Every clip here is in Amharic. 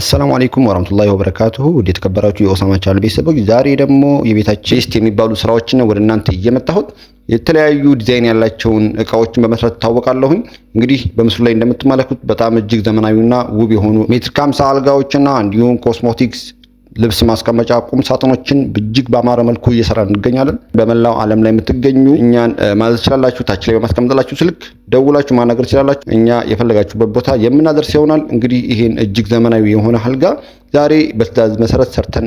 አሰላሙ አለይኩም ወራህመቱላሂ ወበረካቱሁ ውድ የተከበራችሁ የኦሳማ ቻናል ቤተሰቦች ዛሬ ደግሞ የቤታችን ቤስት የሚባሉ ስራዎችን ወደ እናንተ እየመጣሁት የተለያዩ ዲዛይን ያላቸውን እቃዎችን በመስራት ታወቃለሁኝ። እንግዲህ በምስሉ ላይ እንደምትመለከቱት በጣም እጅግ ዘመናዊና ውብ የሆኑ ሜትር ከሃምሳ አልጋዎችና እንዲሁም ኮስሞቲክስ ልብስ ማስቀመጫ ቁም ሳጥኖችን እጅግ በአማረ መልኩ እየሰራ እንገኛለን። በመላው ዓለም ላይ የምትገኙ እኛን ማዘዝ ትችላላችሁ። ታች ላይ በማስቀመጥላችሁ ስልክ ደውላችሁ ማናገር ትችላላችሁ። እኛ የፈለጋችሁበት ቦታ የምናደርስ ይሆናል። እንግዲህ ይህን እጅግ ዘመናዊ የሆነ አልጋ ዛሬ በትዕዛዝ መሰረት ሰርተን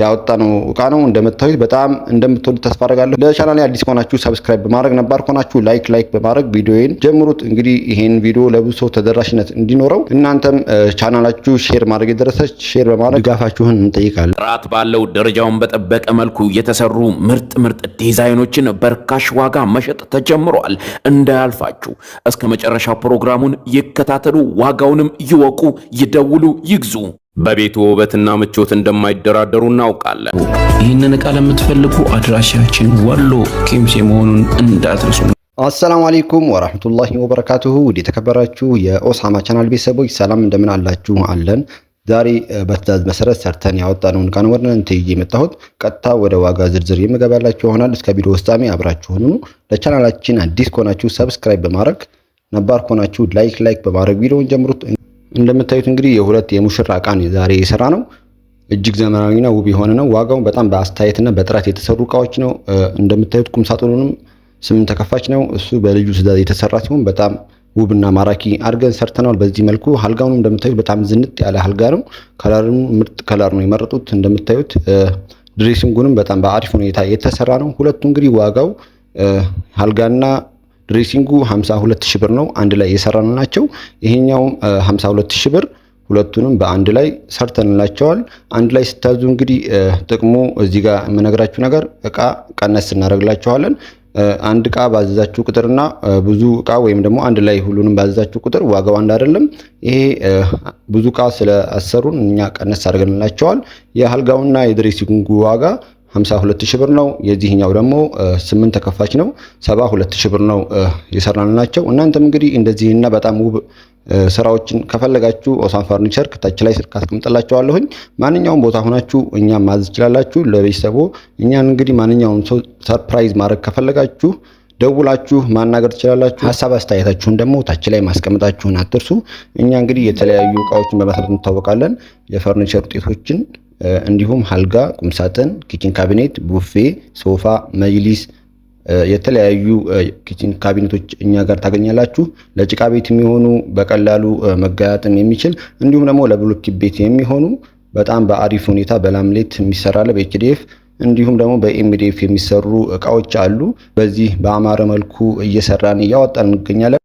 ያወጣ ነው እቃ ነው። እንደምታዩት በጣም እንደምትወዱ ተስፋ አደርጋለሁ። ለቻናሌ አዲስ ከሆናችሁ ሰብስክራይብ በማድረግ ነባር ከሆናችሁ ላይክ ላይክ በማድረግ ቪዲዮዬን ጀምሩት። እንግዲህ ይሄን ቪዲዮ ለብዙ ሰው ተደራሽነት እንዲኖረው እናንተም ቻናላችሁ ሼር ማድረግ የደረሰች ሼር በማድረግ ድጋፋችሁን እንጠይቃለን። ጥራት ባለው ደረጃውን በጠበቀ መልኩ የተሰሩ ምርጥ ምርጥ ዲዛይኖችን በርካሽ ዋጋ መሸጥ ተጀምሯል እንዳያልፋችሁ እስከ ፕሮግራሙን ይከታተሉ። ዋጋውንም ይወቁ፣ ይደውሉ፣ ይግዙ። በቤቱ ውበትና ምቾት እንደማይደራደሩ እናውቃለን። ይህንን ዕቃ ለምትፈልጉ አድራሻችን ወሎ ኬምሴ መሆኑን እንዳትረሱ። አሰላሙ አሌይኩም ወራህመቱላሂ ወበረካቱሁ። ውድ የተከበራችሁ የኦሳማ ቻናል ቤተሰቦች ሰላም እንደምን አላችሁ? አለን ዛሬ በትዕዛዝ መሰረት ሰርተን ያወጣነውን ዕቃ ነው የመጣሁት። ቀጥታ ወደ ዋጋ ዝርዝር የምገባላችሁ ይሆናል። እስከ ቪዲዮ ፍጻሜ አብራችሁን ሁኑ። ለቻናላችን አዲስ ከሆናችሁ ሰብስክራይብ በማድረግ ነባር ከሆናችሁ ላይክ ላይክ በማድረግ ቪዲዮውን ጀምሩት። እንደምታዩት እንግዲህ የሁለት የሙሽራ እቃን ዛሬ የሰራ ነው። እጅግ ዘመናዊና ውብ የሆነ ነው። ዋጋውም በጣም በአስተያየትና በጥራት የተሰሩ እቃዎች ነው። እንደምታዩት ቁምሳጥኑንም ስምንት ተከፋች ነው። እሱ በልዩ ትዕዛዝ የተሰራ ሲሆን በጣም ውብና ማራኪ አድርገን ሰርተነዋል። በዚህ መልኩ አልጋውን እንደምታዩት በጣም ዝንጥ ያለ አልጋ ነው። ከለሩም ምርጥ ከለር ነው የመረጡት። እንደምታዩት ድሬሲንጉንም በጣም በአሪፍ ሁኔታ የተሰራ ነው። ሁለቱ እንግዲህ ዋጋው አልጋና ድሬሲንጉ 52 ሺህ ብር ነው አንድ ላይ የሰራንላቸው። ይሄኛውም 52 ሺህ ብር ሁለቱንም በአንድ ላይ ሰርተንላቸዋል። አንድ ላይ ስታዙ እንግዲህ ጥቅሙ እዚህ ጋር የምነግራችሁ ነገር እቃ ቀነስ እናደርግላችኋለን። አንድ እቃ ባዘዛችሁ ቁጥርና ብዙ እቃ ወይም ደግሞ አንድ ላይ ሁሉንም ባዘዛችሁ ቁጥር ዋጋው አንድ አይደለም። ይሄ ብዙ እቃ ስለአሰሩን እኛ ቀነስ አድርገንላቸዋል። የአልጋውና የድሬሲንጉ ዋጋ 52 ሺህ ብር ነው። የዚህኛው ደግሞ 8 ተከፋች ነው 72 ሺህ ብር ነው የሰራንላቸው። እናንተም እንግዲህ እንደዚህና በጣም ውብ ስራዎችን ከፈለጋችሁ ኦሳን ፈርኒቸር ከታች ላይ ስልክ አስቀምጥላችኋለሁኝ። ማንኛውም ቦታ ሆናችሁ እኛ ማዝ ትችላላችሁ። ለቤተሰቦ እኛን እንግዲህ ማንኛውም ሰው ሰርፕራይዝ ማድረግ ከፈለጋችሁ ደውላችሁ ማናገር ትችላላችሁ። ሀሳብ አስተያየታችሁን ደግሞ ታች ላይ ማስቀምጣችሁን አትርሱ። እኛ እንግዲህ የተለያዩ እቃዎችን በመስራት እንታወቃለን። የፈርኒቸር ውጤቶችን እንዲሁም አልጋ፣ ቁምሳጥን፣ ኪችን ካቢኔት፣ ቡፌ፣ ሶፋ፣ መጅሊስ የተለያዩ ኪችን ካቢኔቶች እኛ ጋር ታገኛላችሁ። ለጭቃ ቤት የሚሆኑ በቀላሉ መጋያጥም የሚችል እንዲሁም ደግሞ ለብሎኬት ቤት የሚሆኑ በጣም በአሪፍ ሁኔታ በላምሌት የሚሰራለ በኤችዲኤፍ እንዲሁም ደግሞ በኤምዲኤፍ የሚሰሩ እቃዎች አሉ። በዚህ በአማረ መልኩ እየሰራን እያወጣን እንገኛለን።